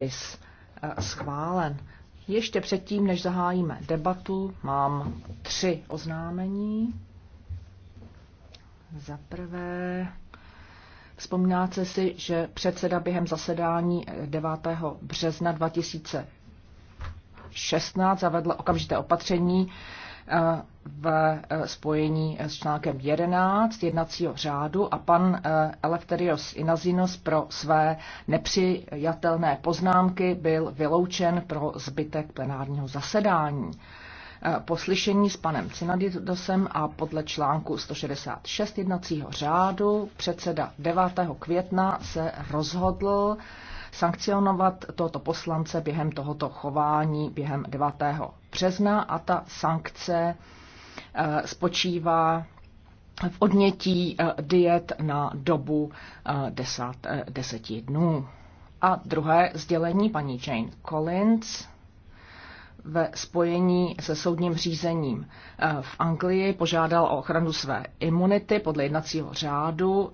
dopis eh, schválen. Ještě předtím, než zahájíme debatu, mám tři oznámení. Za prvé, vzpomínáte si, že předseda během zasedání 9. Eh, března 2016 zavedl okamžité opatření, v eh, spojení eh, s článkem 11 jednacího řádu a pan eh, Eleftherios Inazinos pro své nepřijatelné poznámky byl vyloučen pro zbytek plenárního zasedání. Poslyšení s panem Cinadidosem a podle článku 166 jednacího řádu předseda 9. května se rozhodl, sankcionovat tohoto poslance během tohoto chování během 9. března a ta sankce eh, spočívá v odnětí eh, diet na dobu 10, eh, 10 dnů. A druhé sdělení paní Jane Collins ve spojení se soudním řízením v Anglii požádal o ochranu své imunity podle jednacího řádu.